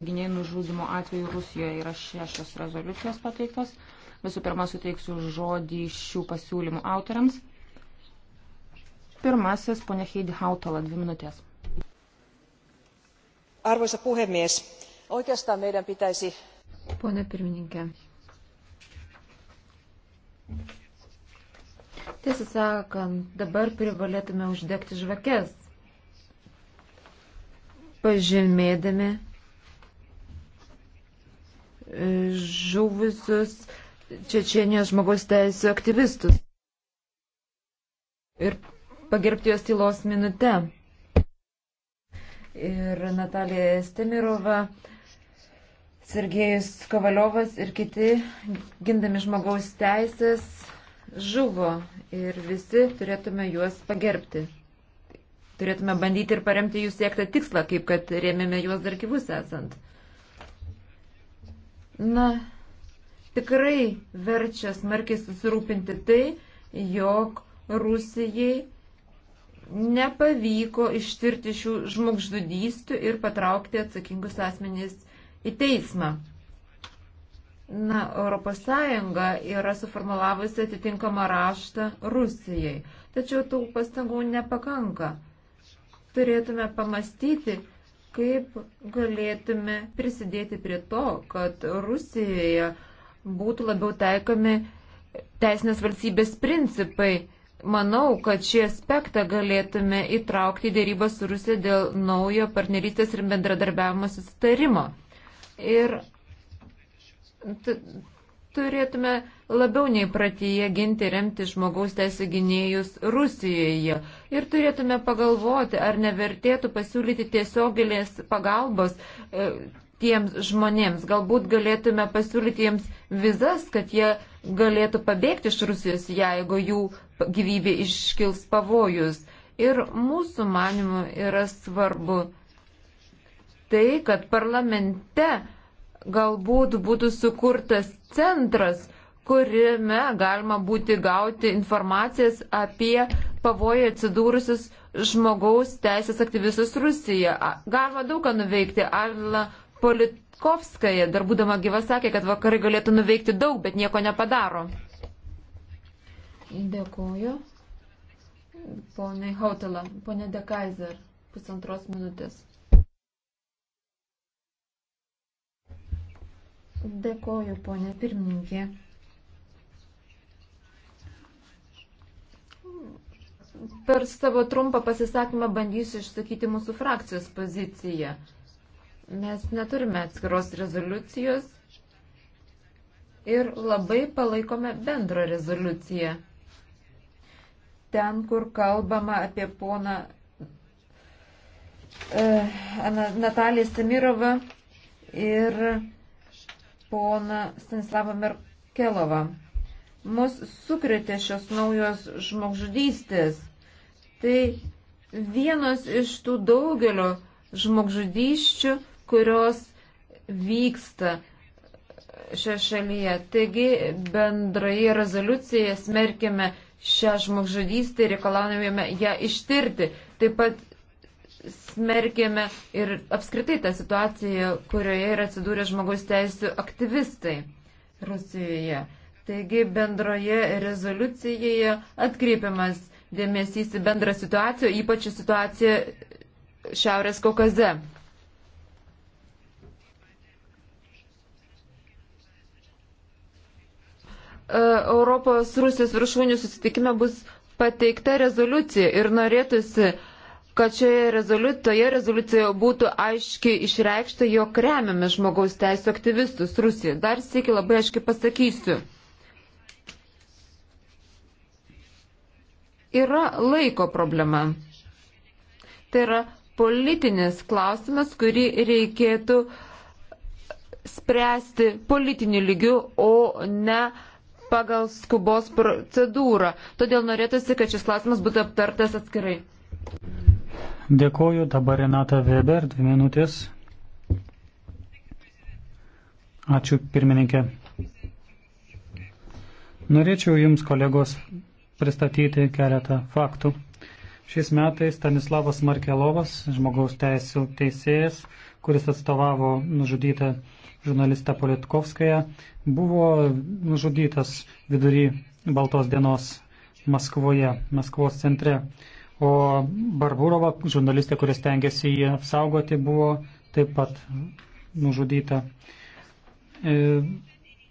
giniai nužudimo atveju Rusijoje yra šešios rezoliucijos pateiktos. Visų pirma, suteiksiu žodį šių pasiūlymų autoriams. Pirmasis, ponia Heidi Hautala, dvi minutės. Arvoisa puhemies, oikeastaan meidän pitäisi... Pone pirmininkė. Tiesą sakant, dabar privalėtume uždegti žvakes, pažymėdami žuvusius Čečienijos žmogaus teisų aktyvistus ir pagerbti jos tylos minute. Ir Natalija Stemirova, Sergejus Kovaliovas ir kiti, gindami žmogaus teisės, žuvo ir visi turėtume juos pagerbti. Turėtume bandyti ir paremti jų siektą tikslą, kaip kad rėmėme juos dar gyvus esant na, tikrai verčia smarkiai susirūpinti tai, jog Rusijai nepavyko ištirti šių žmogžudystų ir patraukti atsakingus asmenys į teismą. Na, ES yra suformulavusi atitinkamą raštą Rusijai, tačiau tų pastangų nepakanka. Turėtume pamastyti, kaip galėtume prisidėti prie to, kad Rusijoje būtų labiau taikomi teisinės valstybės principai. Manau, kad šį aspektą galėtume įtraukti į dėrybą su Rusija dėl naujo partnerystės ir bendradarbiavimo susitarimo. Ir turėtume labiau nei pratyje ginti remti žmogaus teisų gynėjus Rusijoje. Ir turėtume pagalvoti, ar nevertėtų pasiūlyti tiesioginės pagalbos e, tiems žmonėms. Galbūt galėtume pasiūlyti jiems vizas, kad jie galėtų pabėgti iš Rusijos, jeigu jų gyvybė iškils pavojus. Ir mūsų manimų yra svarbu tai, kad parlamente galbūt būtų sukurtas centras, kuriame galima būti gauti informacijas apie pavojai atsidūrusius žmogaus teisės aktyvistus Rusijoje. Galima daug ką nuveikti. Arla Politkovskaja, dar būdama gyva, sakė, kad vakarai galėtų nuveikti daug, bet nieko nepadaro. Dėkuoju. Pone Hautala, pone Dekaiser, pusantros minutės. Dėkoju, ponė pirmininkė. Per savo trumpą pasisakymą bandysiu išsakyti mūsų frakcijos poziciją. Mes neturime atskiros rezoliucijos ir labai palaikome bendrą rezoliuciją. Ten, kur kalbama apie poną e, Nataliją Samirovą ir pona Stanislavą Merkelovą. Mus sukretė šios naujos žmogžudystės. Tai vienos iš tų daugelio žmogžudyščių, kurios vyksta šioje šalyje. Taigi bendroje rezoliucijoje smerkime šią žmogžudystę ir reikalavome ją ištirti. Taip pat smerkėme ir apskritai tą situaciją, kurioje yra atsidūrę žmogaus teisų aktyvistai Rusijoje. Taigi bendroje rezoliucijoje atkreipiamas dėmesys į bendrą situaciją, ypač į situaciją Šiaurės Kaukaze. E, Europos Rusijos viršūnių susitikime bus pateikta rezoliucija ir norėtųsi, kad šioje rezoliu, toje rezoliucijoje būtų aiškiai išreikšta, jog remiame žmogaus teisų aktyvistus Rusijoje. Dar sėki labai aiškiai pasakysiu. Yra laiko problema. Tai yra politinis klausimas, kurį reikėtų spręsti politiniu lygiu, o ne pagal skubos procedūrą. Todėl norėtųsi, kad šis klausimas būtų aptartas atskirai. Dėkoju, dabar Renata Weber, dvi minutės. Ačiū, pirmininkė. Norėčiau Jums, kolegos, pristatyti keletą faktų. Šiais metais Stanislavas Markelovas, žmogaus teisų teisėjas, kuris atstovavo nužudytą žurnalistą Politkovskąją, buvo nužudytas vidury Baltos dienos Maskvoje, Maskvos centre. O Barburova, žurnalistė, kuris tengiasi jį apsaugoti, buvo taip pat nužudyta. E,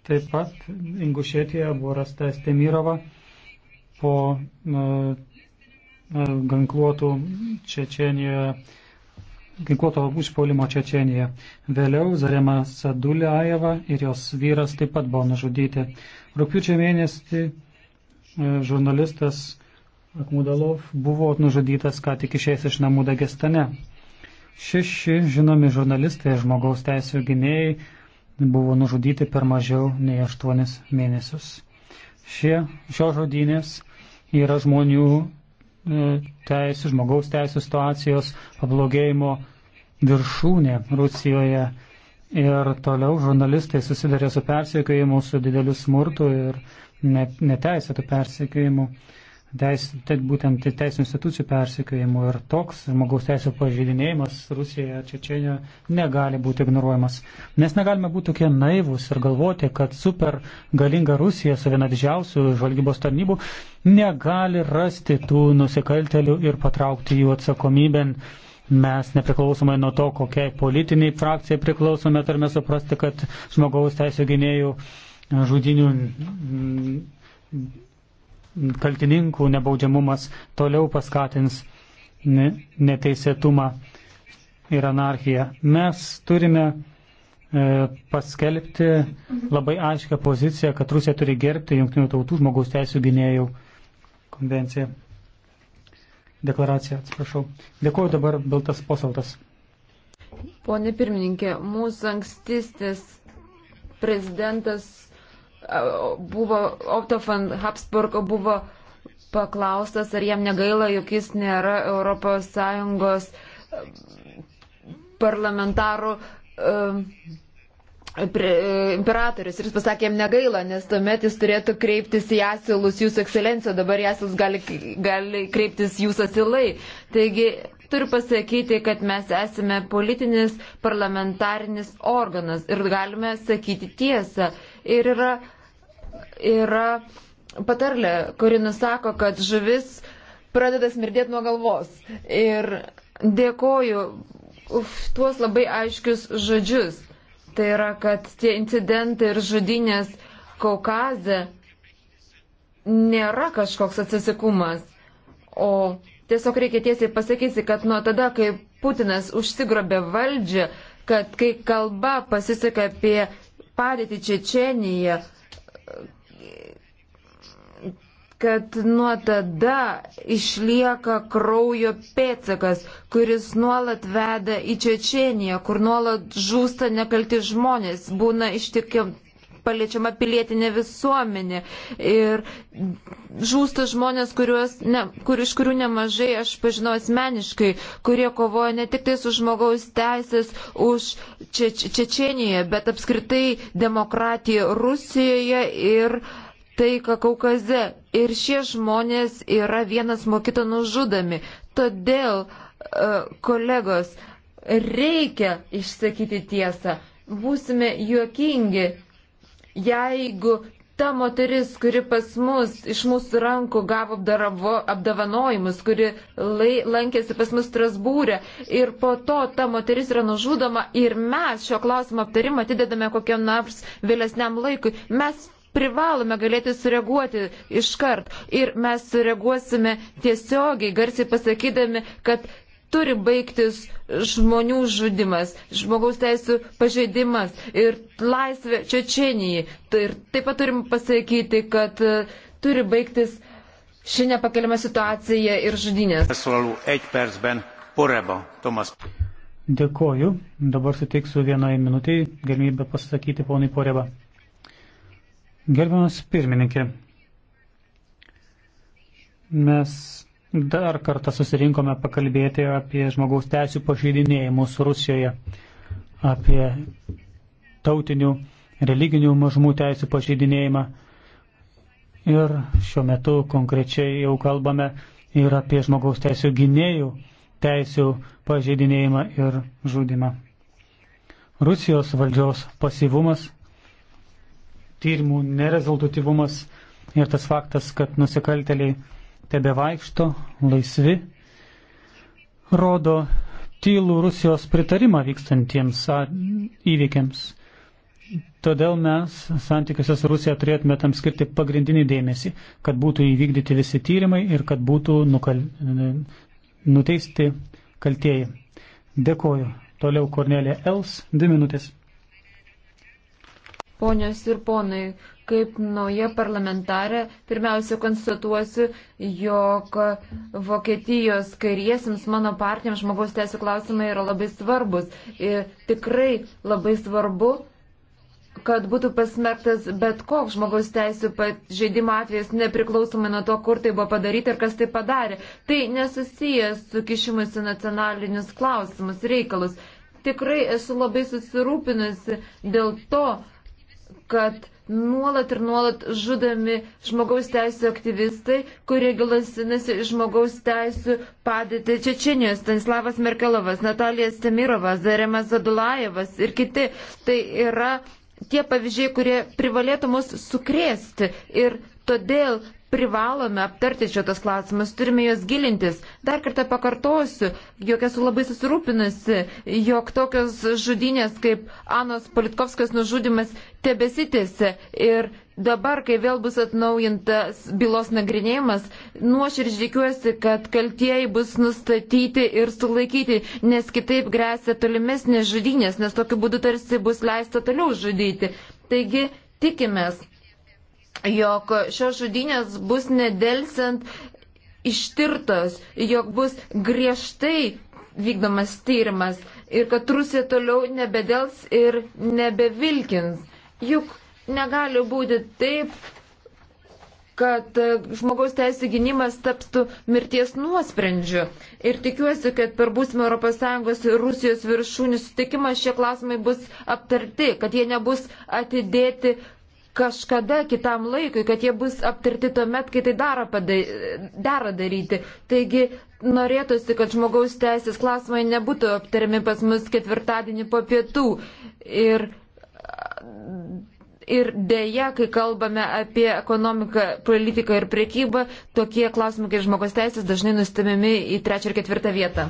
taip pat Ingušėtėje buvo rasta Stemirova po e, e, ginkluotų Čečienijoje, ginkluoto užpuolimo Čečienijoje. Vėliau Zarema Sadulėjeva ir jos vyras taip pat buvo nužudyti. Rūpiučio mėnesį žurnalistas Akmudalov buvo nužudytas, ką tik išėjęs iš namų Dagestane. Šeši žinomi žurnalistai, žmogaus teisų gynėjai buvo nužudyti per mažiau nei aštuonis mėnesius. Šie, šios žudynės yra žmonių e, teisų, žmogaus teisų situacijos pablogėjimo viršūnė Rusijoje. Ir toliau žurnalistai susidarė su persiekėjimu, su dideliu smurtu ir neteisėtų persiekėjimu teis, tai būtent teisinių institucijų persikėjimų ir toks žmogaus teisų pažeidinėjimas Rusijoje, Čečienijoje negali būti ignoruojamas. Mes negalime būti tokie naivūs ir galvoti, kad super galinga Rusija su viena didžiausių žvalgybos tarnybų negali rasti tų nusikaltelių ir patraukti jų atsakomybėn mes nepriklausomai nuo to, kokiai politiniai frakcijai priklausome, turime suprasti, kad žmogaus teisų gynėjų žudinių kaltininkų nebaudžiamumas toliau paskatins neteisėtumą ir anarchiją. Mes turime e, paskelbti labai aiškę poziciją, kad Rusija turi gerbti Junktinių tautų žmogaus teisų gynėjų konvenciją. Deklaraciją, atsiprašau. Dėkuoju dabar Biltas Posaltas. Pone pirmininkė, mūsų ankstistės prezidentas buvo, Otto von Habsburgo buvo paklaustas, ar jam negaila, jog jis nėra ES um, parlamentarų um, imperatorius. Ir jis pasakė, jam negaila, nes tuomet jis turėtų kreiptis į asilus jūsų ekscelencijo, dabar asilus gali, gali kreiptis jūsų asilai. Taigi turiu pasakyti, kad mes esame politinis parlamentarinis organas ir galime sakyti tiesą. Ir yra yra patarlė, kuri nusako, kad žuvis pradeda smirdėti nuo galvos. Ir dėkoju už tuos labai aiškius žodžius. Tai yra, kad tie incidentai ir žudinės Kaukaze nėra kažkoks atsisikumas, o tiesiog reikia tiesiai pasakyti, kad nuo tada, kai Putinas užsigrobė valdžią, kad kai kalba pasiseka apie padėtį Čečeniją, kad nuo tada išlieka kraujo pėtsakas, kuris nuolat veda į Čečieniją, kur nuolat žūsta nekalti žmonės, būna ištikim, paliečiama pilietinė visuomenė ir žūsta žmonės, kuriuos, ne, kur, iš kurių nemažai aš pažinau asmeniškai, kurie kovoja ne tik tai su žmogaus teisės už Če Če Čečeniją, bet apskritai demokratiją Rusijoje ir taiką Kaukaze. Ir šie žmonės yra vienas nuo kito nužudami. Todėl, e, kolegos, reikia išsakyti tiesą. Būsime juokingi, jeigu ta moteris, kuri pas mus iš mūsų rankų gavo apdaravo, apdavanojimus, kuri lai, lankėsi pas mus Strasbūrė ir po to ta moteris yra nužudoma ir mes šio klausimo aptarimą atidedame kokiam nors vėlesniam laikui, mes privalome galėti sureaguoti iškart ir mes sureaguosime tiesiogiai, garsiai pasakydami, kad turi baigtis žmonių žudimas, žmogaus teisų pažeidimas ir laisvė Čečenijai. Tai ir taip pat turim pasakyti, kad e, turi baigtis ši nepakeliama situacija ir žudinės. Dėkoju. Dabar suteiksiu vienai minutiai galimybę pasakyti ponai Poreba. Gerbiamas pirmininkė, mes Dar kartą susirinkome pakalbėti apie žmogaus teisų pažeidinėjimus Rusijoje, apie tautinių, religinių mažumų teisų pažeidinėjimą. Ir šiuo metu konkrečiai jau kalbame ir apie žmogaus teisų gynėjų teisų pažeidinėjimą ir žudimą. Rusijos valdžios pasivumas, tyrimų nerezultatyvumas ir tas faktas, kad nusikalteliai tebe vaikšto laisvi, rodo tylų Rusijos pritarimą vykstantiems įvykiams. Todėl mes santykiuose su Rusija turėtume tam skirti pagrindinį dėmesį, kad būtų įvykdyti visi tyrimai ir kad būtų nukal... nuteisti kaltieji. Dėkoju. Toliau Kornelė Els, dvi minutės. Ponios ir ponai, kaip nauja parlamentarė, pirmiausia konstatuosiu, jog Vokietijos kairiesiams mano partijams žmogaus teisų klausimai yra labai svarbus. Ir tikrai labai svarbu, kad būtų pasmerktas bet koks žmogaus teisų pažeidimo atvejas, nepriklausomai nuo to, kur tai buvo padaryta ir kas tai padarė. Tai nesusijęs su kišimus į nacionalinius klausimus, reikalus. Tikrai esu labai susirūpinusi dėl to, kad nuolat ir nuolat žudami žmogaus teisų aktyvistai, kurie gilasinasi žmogaus teisų padėti Čečinijos, Stanislavas Merkelovas, Natalija Semirovas, Zaremas Zadulajevas ir kiti. Tai yra tie pavyzdžiai, kurie privalėtų mus sukrėsti ir todėl privalome aptarti šiotas klausimas, turime jos gilintis. Dar kartą pakartosiu, jog esu labai susirūpinusi, jog tokios žudinės kaip Anos Politkovskijos nužudimas tebesitėsi ir dabar, kai vėl bus atnaujintas bylos nagrinėjimas, nuoširdžiai tikiuosi, kad kaltieji bus nustatyti ir sulaikyti, nes kitaip grėsia tolimesnės žudinės, nes tokiu būdu tarsi bus leista toliau žudyti. Taigi tikimės, jog šios žudynės bus nedelsiant ištirtos, jog bus griežtai vykdomas tyrimas ir kad Rusija toliau nebedels ir nebevilkins. Juk negali būti taip, kad žmogaus teisų gynimas taptų mirties nuosprendžiu. Ir tikiuosi, kad per būsimą ES ir Rusijos viršūnį sutikimą šie klausimai bus aptarti, kad jie nebus atidėti kažkada kitam laikui, kad jie bus aptarti tuo met, kai tai daro padai, dera daryti. Taigi norėtųsi, kad žmogaus teisės klausimai nebūtų aptariami pas mus ketvirtadienį po pietų. Ir, ir dėja, kai kalbame apie ekonomiką, politiką ir priekybą, tokie klausimai kaip žmogaus teisės dažnai nustumimi į trečią ir ketvirtą vietą.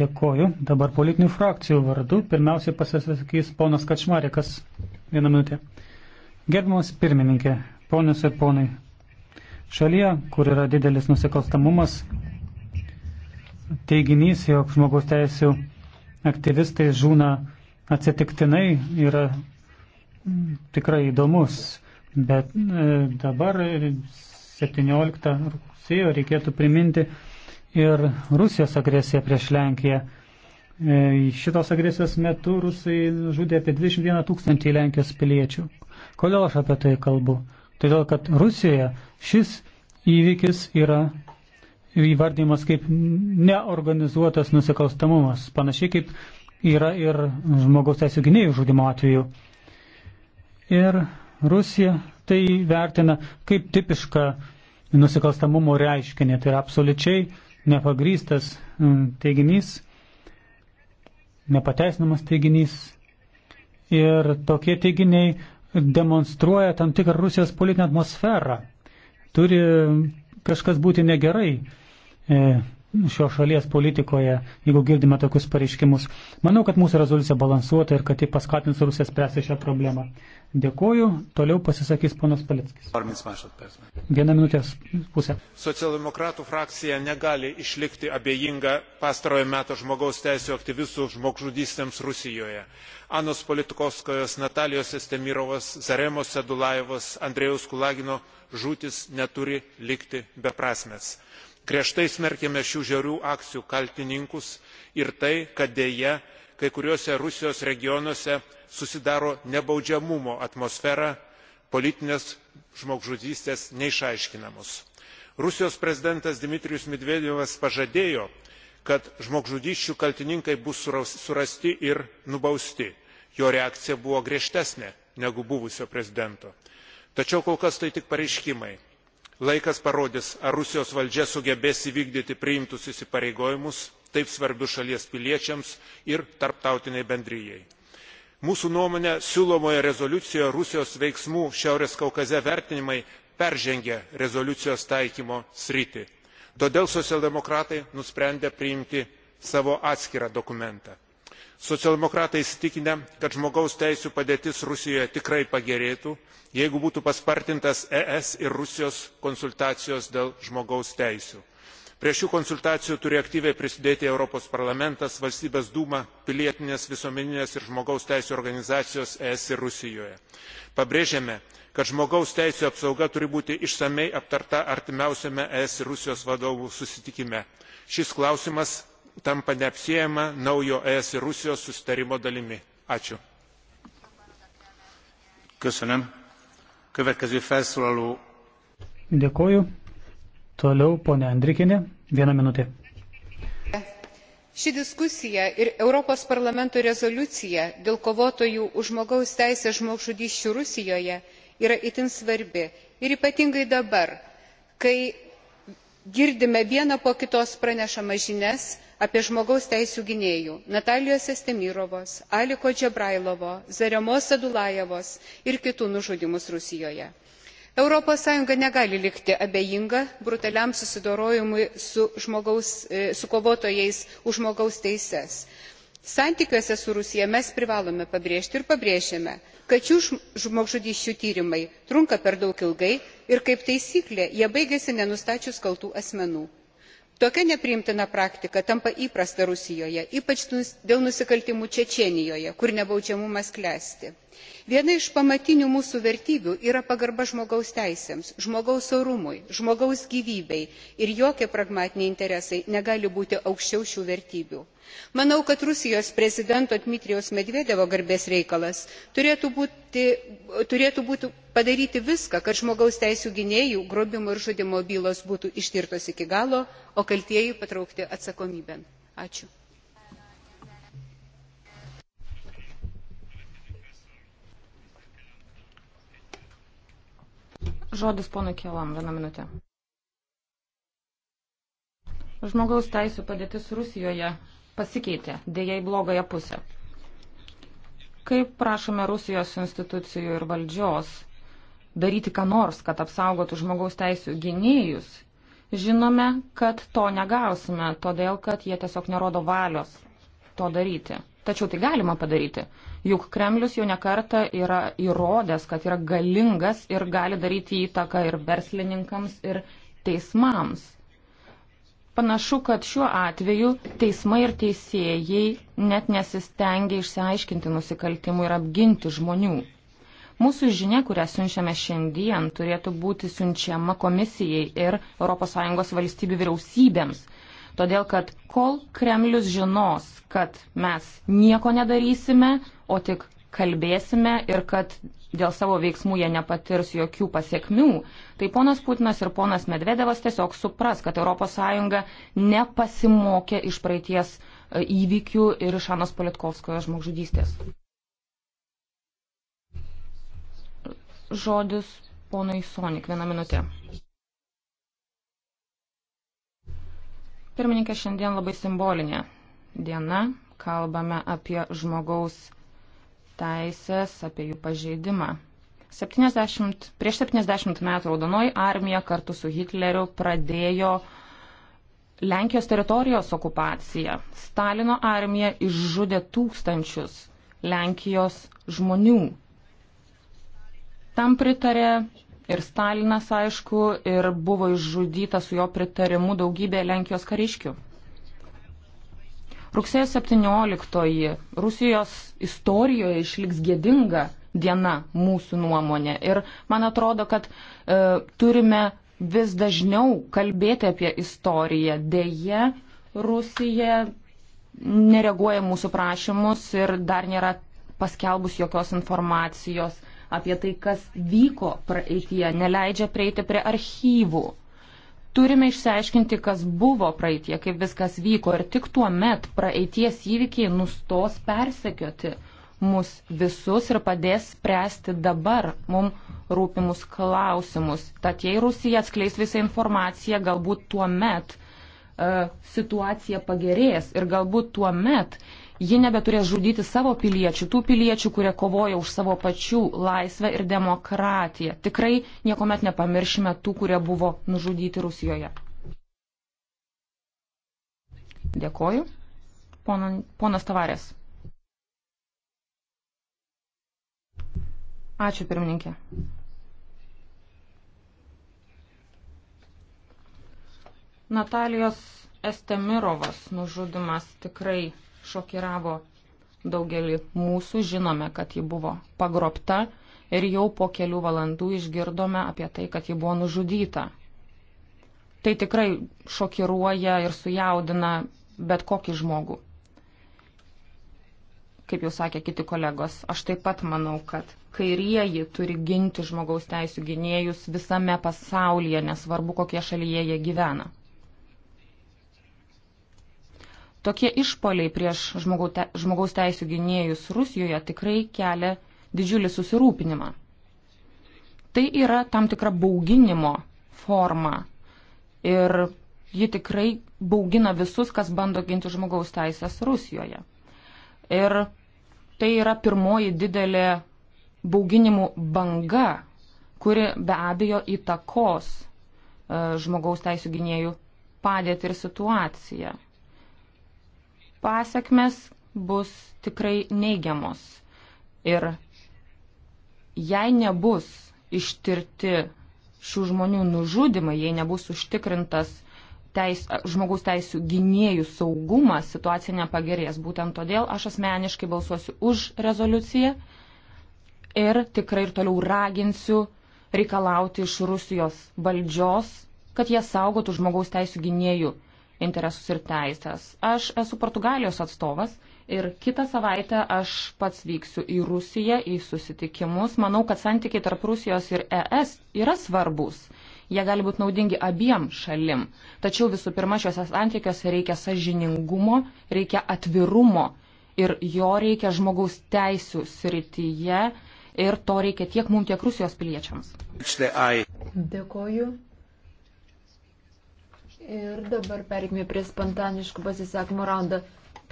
Dėkoju. Dabar politinių frakcijų vardu. Pirmiausiai pasisakys ponas Kačmarikas. Vieną minutę. Gerbiamas pirmininkė, ponios ir ponai. Šalyje, kur yra didelis nusikalstamumas, teiginys, jog žmogaus teisų aktyvistai žūna atsitiktinai, yra tikrai įdomus. Bet e, dabar 17 e, rugsėjo reikėtų priminti ir Rusijos agresija prieš Lenkiją. E, šitos agresijos metu rusai žudė apie 21 tūkstantį Lenkijos piliečių. Kodėl aš apie tai kalbu? Todėl, kad Rusijoje šis įvykis yra įvardymas kaip neorganizuotas nusikalstamumas, panašiai kaip yra ir žmogaus teisų gynėjų žudimo atveju. Ir Rusija tai vertina kaip tipišką nusikalstamumo reiškinį, tai yra absoliučiai nepagrystas mm, teiginys, nepateisinamas teiginys. Ir tokie teiginiai demonstruoja tam tikrą Rusijos politinę atmosferą. Turi kažkas būti negerai. E, šios šalies politikoje, jeigu girdime tokius pareiškimus. Manau, kad mūsų rezoliucija balansuota ir kad tai paskatins Rusiją spręsti šią problemą. Dėkuoju. Toliau pasisakys ponas Palickis. Viena minutės pusė. Socialdemokratų frakcija negali išlikti abejinga pastarojo meto žmogaus teisų aktyvistų žmogžudystėms Rusijoje. Anos Politkovskojos, Natalijos Estemirovas, Zaremos Sedulajevos, Andrėjus Kulagino žūtis neturi likti beprasmės griežtai smerkiame šių žiaurių akcijų kaltininkus ir tai kad deja kai kuriuose rusijos regionuose susidaro nebaudžiamumo atmosfera politinės žmogžudystės neišaiškinamos. rusijos prezidentas dmitrijus medvedevas pažadėjo kad žmogžudysčių kaltininkai bus surasti ir nubausti jo reakcija buvo griežtesnė negu buvusio prezidento tačiau kol kas tai tik pareiškimai. Laikas parodys, ar Rusijos valdžia sugebės įvykdyti priimtus įsipareigojimus taip svarbius šalies piliečiams ir tarptautiniai bendryjei. Mūsų nuomonė siūlomoje rezoliucijoje Rusijos veiksmų Šiaurės Kaukaze vertinimai peržengia rezoliucijos taikymo sritį. Todėl socialdemokratai nusprendė priimti savo atskirą dokumentą socialdemokratai įsitikinę kad žmogaus teisių padėtis rusijoje tikrai pagerėtų jeigu būtų paspartintos es ir rusijos konsultacijos dėl žmogaus teisių. prie šių konsultacijų turi aktyviai prisidėti europos parlamentas valstybės dūma pilietinės visuomeninės ir žmogaus teisių organizacijos es ir rusijoje. pabrėžiame kad žmogaus teisių apsauga turi būti išsamiai aptarta artimiausiame es ir rusijos vadovų susitikime. šis klausimas tampa neapsiejama naujo ES ir Rusijos sustarimo dalimi. Ačiū. Köszönöm. Következő felszólaló. Dėkoju. Toliau ponė Andrikinė. Vieną minutę. Ši diskusija ir Europos parlamento rezoliucija dėl kovotojų už žmogaus teisę žmogžudyščių Rusijoje yra itin svarbi ir ypatingai dabar, kai girdime vieną po kitos pranešamas žinias apie žmogaus teisių gynėjų natalijos estemirovos aliko džebrailovo zaremos adulajevos ir kitų nužudymus rusijoje. europos sąjunga negali likti abejinga brutaliam susidorojimui su e, kovotojais už žmogaus teises santykiuose su rusija mes privalome pabrėžti ir pabrėžiame kad šių žmogžudysčių tyrimai trunka per daug ilgai ir kaip taisyklė jie baigiasi nenustačius kaltų asmenų. tokia nepriimtina praktika tampa įprasta rusijoje ypač dėl nusikaltimų čečėnijoje kur nebaudžiamumas klesti viena iš pamatinių mūsų vertybių yra pagarba žmogaus teisėms žmogaus orumui žmogaus gyvybei ir jokie pragmatiniai interesai negali būti aukščiau šių vertybių. manau kad rusijos prezidento dmitrijaus medvedevo garbės reikalas turėtų būti padaryti viską kad žmogaus teisių gynėjų grobimo ir žudymo bylos būtų ištirtos iki galo o kaltieji patraukti atsakomybėn. Žodis ponui Kielam, vieną minutę. Žmogaus teisų padėtis Rusijoje pasikeitė, dėja į blogąją pusę. Kaip prašome Rusijos institucijų ir valdžios daryti ką nors, kad apsaugotų žmogaus teisų gynėjus, žinome, kad to negausime, todėl kad jie tiesiog nerodo valios to daryti. Tačiau tai galima padaryti, juk Kremlius jau nekarta yra įrodęs, kad yra galingas ir gali daryti įtaką ir verslininkams, ir teismams. Panašu, kad šiuo atveju teismai ir teisėjai net nesistengia išsiaiškinti nusikaltimų ir apginti žmonių. Mūsų žinia, kurią siunčiame šiandien, turėtų būti siunčiama komisijai ir ES valstybių vyriausybėms, Todėl, kad kol Kremlius žinos, kad mes nieko nedarysime, o tik kalbėsime ir kad dėl savo veiksmų jie nepatirs jokių pasiekmių, tai ponas Putinas ir ponas Medvedevas tiesiog supras, kad ES nepasimokė iš praeities e, įvykių ir iš Anos Politkovskojo žmogžudystės. Žodis ponui Sonik, vieną minutę. Pirmininkė, šiandien labai simbolinė diena. Kalbame apie žmogaus teisės, apie jų pažeidimą. 70, prieš 70 metų Raudonoji armija kartu su Hitleriu pradėjo Lenkijos teritorijos okupaciją. Stalino armija išžudė tūkstančius Lenkijos žmonių. Tam pritarė ir Stalinas, aišku, ir buvo išžudyta su jo pritarimu daugybė Lenkijos kariškių. Rugsėjo 17-oji Rusijos istorijoje išliks gėdinga diena mūsų nuomonė. Ir man atrodo, kad e, turime vis dažniau kalbėti apie istoriją. Deja, Rusija nereaguoja mūsų prašymus ir dar nėra paskelbus jokios informacijos apie tai, kas vyko praeitie, neleidžia prieiti prie archyvų. Turime išsiaiškinti, kas buvo praeitie, kaip viskas vyko ir tik tuo met praeities įvykiai nustos persekioti mus visus ir padės spręsti dabar mum rūpimus klausimus. Tad jei Rusija atskleis visą informaciją, galbūt tuo met E, situacija pagerės ir galbūt tuo met ji nebeturės žudyti savo piliečių, tų piliečių, kurie kovoja už savo pačių laisvę ir demokratiją. Tikrai niekuomet nepamiršime tų, kurie buvo nužudyti Rusijoje. Dėkoju. Pona, ponas Tavarės. Ačiū pirmininkė. Natalijos Estemirovas nužudimas tikrai šokiravo daugelį mūsų. Žinome, kad ji buvo pagrobta ir jau po kelių valandų išgirdome apie tai, kad ji buvo nužudyta. Tai tikrai šokiruoja ir sujaudina bet kokį žmogų. Kaip jau sakė kiti kolegos, aš taip pat manau, kad kairieji turi ginti žmogaus teisų gynėjus visame pasaulyje, nesvarbu, kokie šalyje jie gyvena. Tokie išpoliai prieš žmogaus teisų gynėjus Rusijoje tikrai kelia didžiulį susirūpinimą. Tai yra tam tikra bauginimo forma ir ji tikrai baugina visus, kas bando ginti žmogaus teisės Rusijoje. Ir tai yra pirmoji didelė bauginimų banga, kuri be abejo įtakos e, žmogaus teisų gynėjų padėtį ir situaciją pasiekmes bus tikrai neigiamos. Ir jei nebus ištirti šių žmonių nužudimai, jei nebus užtikrintas teis, žmogaus teisų gynėjų saugumas, situacija nepagerės. Būtent todėl aš asmeniškai balsuosiu už rezoliuciją ir tikrai ir toliau raginsiu reikalauti iš Rusijos valdžios, kad jie saugotų žmogaus teisų gynėjų interesus ir teisės. Aš esu Portugalijos atstovas ir kitą savaitę aš pats vyksiu į Rusiją, į susitikimus. Manau, kad santykiai tarp Rusijos ir ES yra svarbus. Jie gali būti naudingi abiem šalim. Tačiau visų pirma, šiuose santykiuose reikia sažiningumo, reikia atvirumo ir jo reikia žmogaus teisų srityje ir to reikia tiek mums, tiek Rusijos piliečiams. Dėkoju. Ir dabar perėkime prie spontaniškų pasisakymų raundą.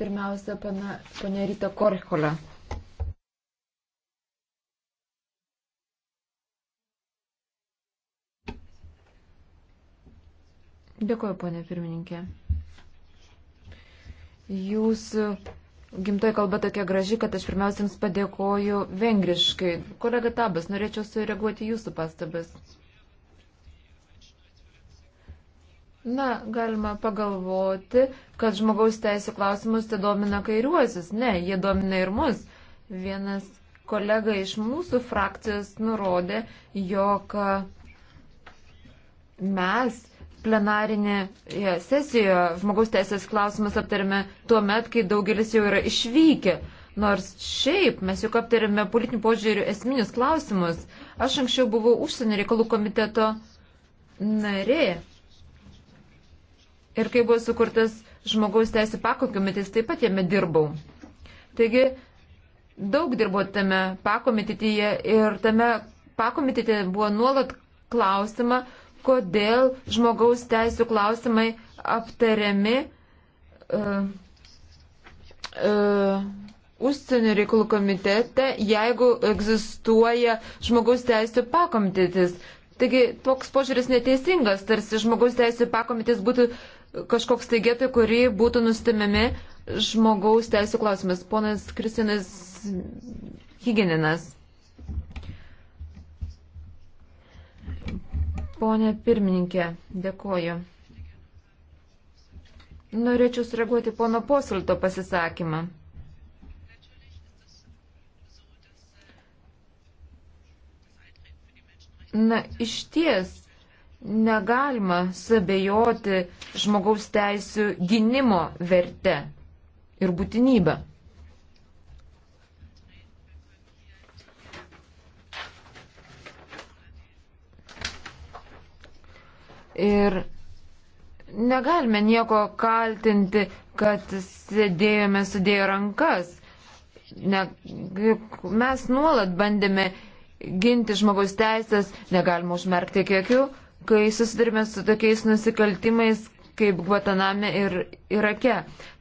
Pirmiausia, pana, pana Rita Korholė. Dėkuoju, ponė pirmininkė. Jūsų gimtoji kalba tokia graži, kad aš pirmiausia jums padėkoju vengriškai. Kolega Tabas, norėčiau sureaguoti jūsų pastabas. Na, galima pagalvoti, kad žmogaus teisų klausimus tai domina kairiuosius. Ne, jie domina ir mus. Vienas kolega iš mūsų frakcijos nurodė, jog e, mes plenarinėje sesijoje žmogaus teisės klausimus aptarėme tuo met, kai daugelis jau yra išvykę. Nors šiaip mes juk aptarėme politinių požiūrių esminius klausimus. Aš anksčiau buvau užsienio reikalų komiteto narė ir kai buvo sukurtas žmogaus teisų pakomitis, taip pat jame dirbau. Taigi daug dirbau tame pakomitityje ir tame pakomitityje buvo nuolat klausima, kodėl žmogaus teisų klausimai aptariami uh, uh, užsienio reikalų komitete, jeigu egzistuoja žmogaus teisų pakomitetis. Taigi toks požiūris neteisingas, tarsi žmogaus teisų pakomitis būtų uh, kažkoks teigėtai, kurį būtų nustimiami žmogaus teisų klausimas. Ponas Kristinas Hygeninas. Pone pirmininkė, dėkoju. Norėčiau sureaguoti pono posilto pasisakymą. Na, iš ties, negalima sabėjoti žmogaus teisų gynimo verte ir būtinybę. Ir negalime nieko kaltinti, kad sėdėjome sudėję rankas. Ne, mes nuolat bandėme ginti žmogaus teisės, negalima užmerkti kiekių, kai susidurime su tokiais nusikaltimais kaip Guantaname ir Irake.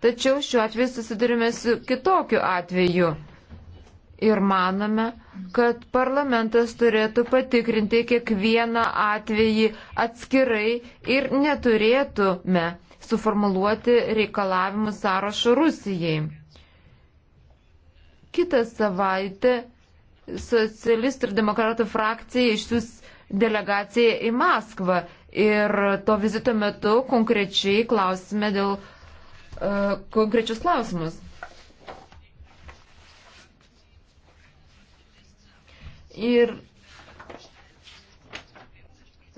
Tačiau šiuo atveju susidurime su kitokiu atveju. Ir manome, kad parlamentas turėtų patikrinti kiekvieną atvejį atskirai ir neturėtume suformuluoti reikalavimų sąrašo Rusijai. Kitą savaitę socialistų ir demokratų frakcija išsiūs delegaciją į Maskvą. Ir to vizito metu konkrečiai klausime dėl uh, konkrečius klausimus. Ir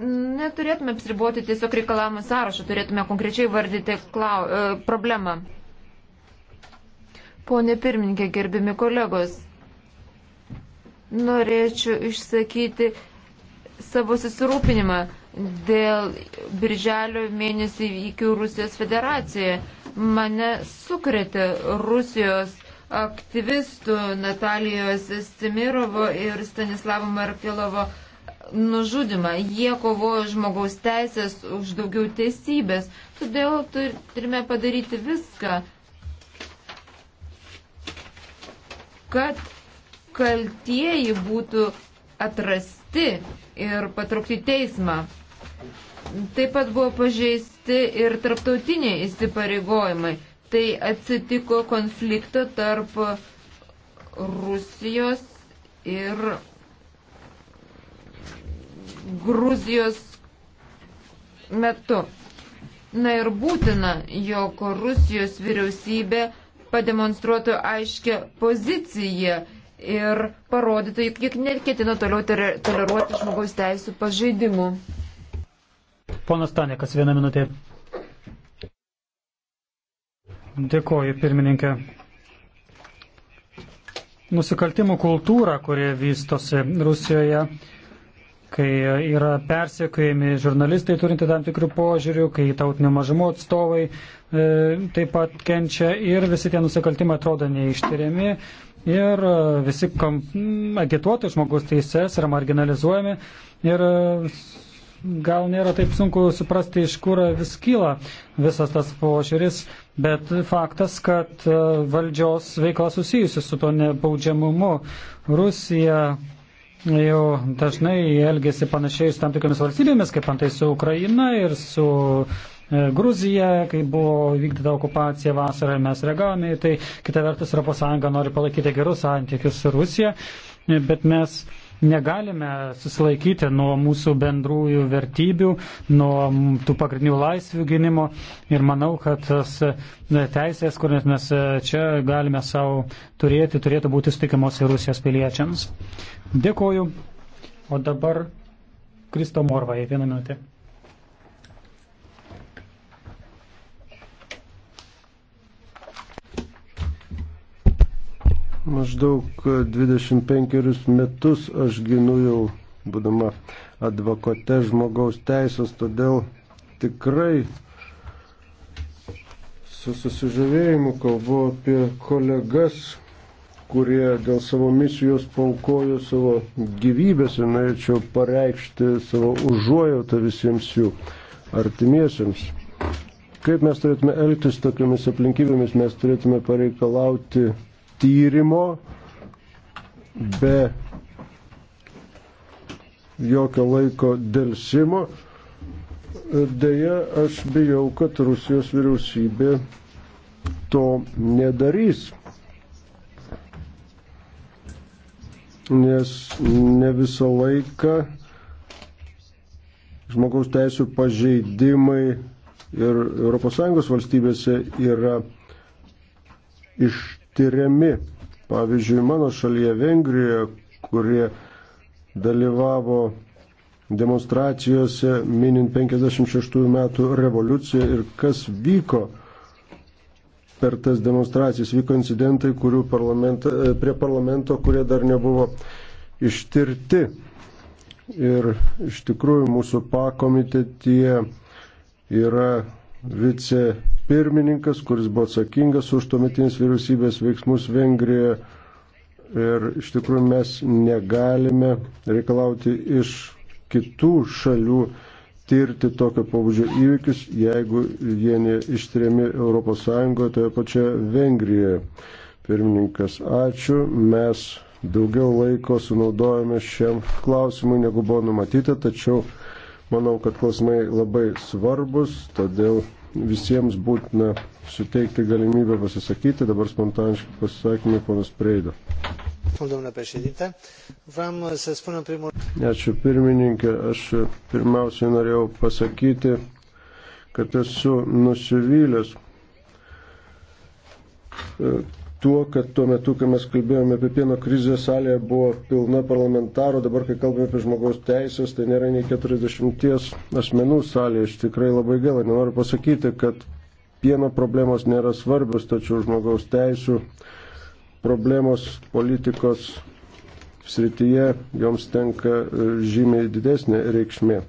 neturėtume apsiriboti tiesiog reikalavimų sąrašą, turėtume konkrečiai vardyti klau, uh, problemą. Pone pirmininkė, gerbimi kolegos, norėčiau išsakyti uh, savo susirūpinimą dėl birželio mėnesį įvykių Rusijos federacijoje. Mane sukretė Rusijos aktyvistų Natalijos Stimirovo ir Stanislavo Markilovo nužudimą. Jie kovojo žmogaus teisės už daugiau teisybės. Todėl turime padaryti viską, kad kaltieji būtų atrasti ir patraukti teismą. Taip pat buvo pažeisti ir tarptautiniai įsipareigojimai. Tai atsitiko konflikto tarp Rusijos ir Gruzijos metu. Na ir būtina, jog Rusijos vyriausybė pademonstruotų aiškę poziciją ir parodytų, jog neketina toliau toleruoti žmogaus teisų pažeidimų. Ponas Tanekas, vieną minutę. Dėkoju, pirmininkė. Nusikaltimų kultūra, kurie vystosi Rusijoje, kai yra persiekojami žurnalistai turinti tam tikrų požiūrių, kai tautinių mažumų atstovai e, taip pat kenčia ir visi tie nusikaltimai atrodo neištiriami, ir e, visi kom, agituotojai žmogaus teises yra marginalizuojami ir e, gal nėra taip sunku suprasti, iš kur vis kyla visas tas požiūris, bet faktas, kad e, valdžios veikla susijusi su to nebaudžiamumu. Rusija jau dažnai elgesi panašiai su tam tikromis valstybėmis, kaip antai su Ukraina ir su uh, E, Gruziją, kai buvo vykdyta okupacija vasarą ir mes reagavome į tai. Kita vertus, ES nori palaikyti gerus santykius su Rusija, e, bet mes negalime susilaikyti nuo mūsų bendrųjų vertybių, nuo tų pagrindinių laisvių gynimo. Ir manau, kad tas e, teisės, kurias mes čia galime savo turėti, turėtų būti sutikimos ir Rusijos piliečiams. Dėkuoju. O dabar Kristo Morvai, vieną minutę. Maždaug 25 metus aš ginu jau, būdama advokate žmogaus teisės, todėl tikrai su susižavėjimu kalbu apie kolegas, kurie dėl savo misijos paukojo savo gyvybės ir norėčiau pareikšti savo užuojautą visiems jų artimiesiems. Kaip mes turėtume elgtis tokiamis aplinkybėmis, mes turėtume pareikalauti tyrimo, be jokio laiko dėlsimo. Ir dėja, aš bijau, kad Rusijos vyriausybė to nedarys. Nes ne visą laiką žmogaus teisų pažeidimai ir ES valstybėse yra iš tyriami. Pavyzdžiui, mano šalyje Vengrijoje, kurie dalyvavo demonstracijose minint 56 metų revoliuciją ir kas vyko per tas demonstracijas. Vyko incidentai parlament, e, prie parlamento, kurie dar nebuvo ištirti. Ir iš tikrųjų mūsų pakomitetie yra vice pirmininkas, kuris buvo atsakingas už tuometinis vyriausybės veiksmus Vengrijoje. Ir iš tikrųjų mes negalime reikalauti iš kitų šalių tirti tokio pobūdžio įvykius, jeigu jie neištrėmi ES toje pačioje Vengrijoje. Pirmininkas, ačiū. Mes daugiau laiko sunaudojame šiam klausimui, negu buvo numatyta, tačiau manau, kad klausimai labai svarbus, todėl visiems būtina suteikti galimybę pasisakyti. Dabar spontaniški pasisakymai ponas Preido. Ačiū pirmininkė. Aš pirmiausiai norėjau pasakyti, kad esu nusivylęs tuo, kad tuo metu, kai mes kalbėjome apie pieno krizę, salėje buvo pilna parlamentarų, dabar, kai kalbame apie žmogaus teisės, tai nėra nei 40 asmenų salėje. Aš tikrai labai gaila, nenoriu pasakyti, kad pieno problemos nėra svarbios, tačiau žmogaus teisų problemos politikos srityje joms tenka e, žymiai didesnė reikšmė.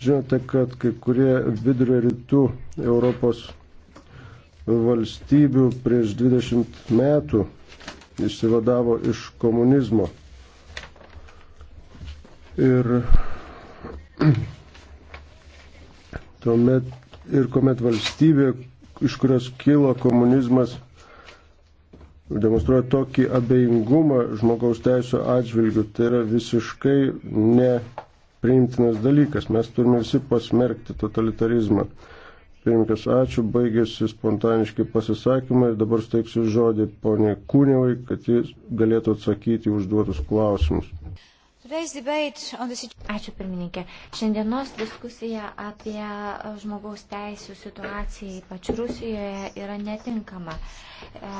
Žinote, kad kai kurie vidurio rytų Europos valstybių prieš 20 metų išsivadavo iš komunizmo. Ir tuomet ir kuomet valstybė, iš kurios kilo komunizmas, demonstruoja tokį abejingumą žmogaus teisų atžvilgių, tai yra visiškai nepriimtinas dalykas. Mes turime visi pasmerkti totalitarizmą. Pirmininkas, ačiū, baigėsi spontaniški pasisakymai ir dabar steiksiu žodį poniai Kūnevai, kad jis galėtų atsakyti užduotus klausimus. Ačiū pirmininkė. Šiandienos diskusija apie žmogaus teisų situaciją, ypač Rusijoje, yra netinkama. E,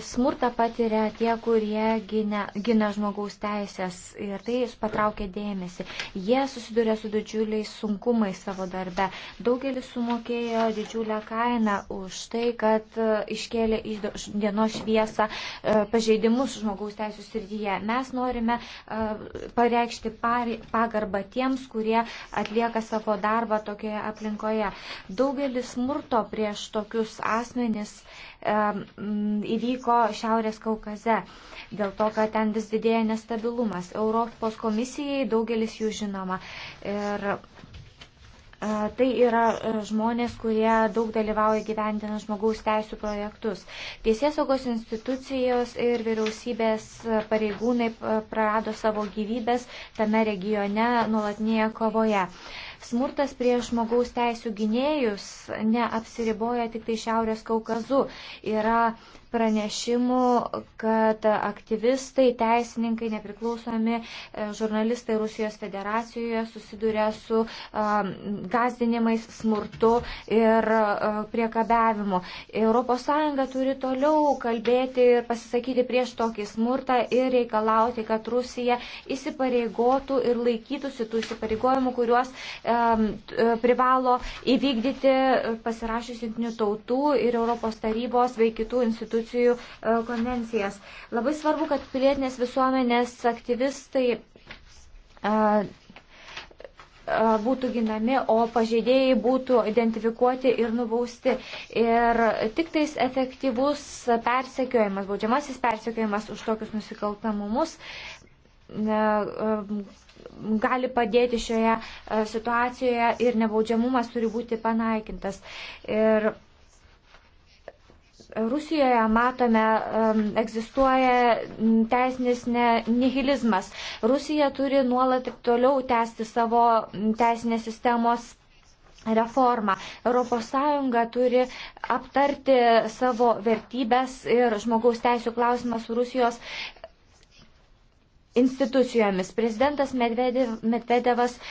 smurtą patiria tie, kurie gina, gina žmogaus teisės ir tai jis patraukia dėmesį. Jie susiduria su didžiuliais sunkumais savo darbe. Daugelis sumokėjo didžiulę kainą už tai, kad e, iškėlė iš dienos šviesą e, pažeidimus žmogaus teisų srityje. Mes norime e, pareikšti pagarbą tiems, kurie atlieka savo darbą tokioje aplinkoje. Daugelis smurto prieš tokius asmenis įvyksta įvyko Šiaurės Kaukaze, dėl to, kad ten vis didėja nestabilumas. Europos komisijai daugelis jų žinoma. Ir e, Tai yra e, žmonės, kurie daug dalyvauja gyvendinant žmogaus teisų projektus. Teisėsaugos institucijos ir vyriausybės pareigūnai e, prarado savo gyvybės tame regione nuolatinėje kovoje. Smurtas prieš žmogaus teisų gynėjus neapsiriboja tik tai Šiaurės Kaukazu. Yra pranešimų, kad aktyvistai, teisininkai, nepriklausomi e, žurnalistai Rusijos federacijoje susiduria su um, gazdinimais, smurtu ir uh, priekabiavimu. ES turi toliau kalbėti ir pasisakyti prieš tokį smurtą ir reikalauti, kad Rusija įsipareigotų ir laikytųsi tų įsipareigojimų, kuriuos um, privalo įvykdyti pasirašius jungtinių tautų ir Europos tarybos bei kitų institucijų institucijų e, konvencijas. Labai svarbu, kad pilietinės visuomenės aktyvistai e, e, būtų ginami, o pažeidėjai būtų identifikuoti ir nubausti. Ir tik tais efektyvus persekiojimas, baudžiamasis persekiojimas už tokius nusikaltamumus gali padėti šioje situacijoje ir nebaudžiamumas turi būti panaikintas. Ir Rusijoje matome, egzistuoja teisinis nihilizmas. Rusija turi nuolat ir toliau tęsti savo teisinės sistemos reformą. ES turi aptarti savo vertybės ir žmogaus teisų klausimą su Rusijos institucijomis. Prezidentas Medvedevas e,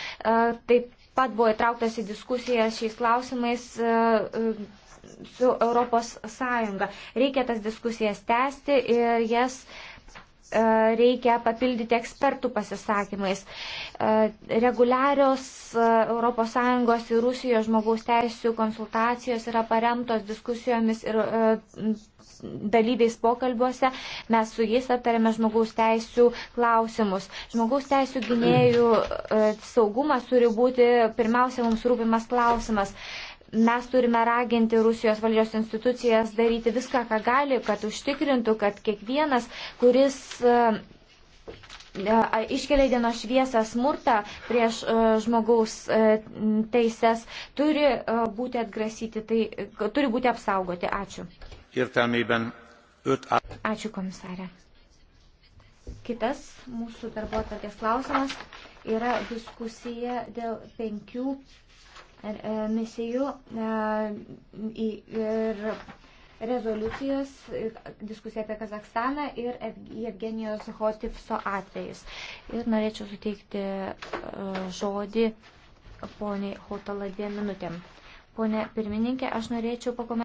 taip pat buvo įtrauktas į diskusiją šiais klausimais e, e, su Europos Sąjunga. Reikia tas diskusijas tęsti ir jas e, reikia papildyti ekspertų pasisakymais. E, reguliarios ES ir Rusijos žmogaus teisų konsultacijos yra paremtos diskusijomis ir e, dalyviais pokalbiuose. Mes su jais aptarėme žmogaus teisų klausimus. Žmogaus teisų gynėjų saugumas turi būti pirmiausia mums rūpimas klausimas mes turime raginti Rusijos valdžios institucijas daryti viską, ką gali, kad užtikrintų, kad kiekvienas, kuris e, e, iškelia dieno šviesą smurtą prieš e, žmogaus teises, turi būti atgrasyti, tai turi būti apsaugoti. Ačiū. Ačiū komisarė. Kitas mūsų darbo atvarkės klausimas yra diskusija dėl penkių E, misijų e, ir rezoliucijos, e, diskusija apie Kazakstaną ir Evgenijos Hotifso atvejus. Ir norėčiau suteikti žodį poniai Hotala dviem minutėm. Pone pirmininkė, aš norėčiau pakomentuoti.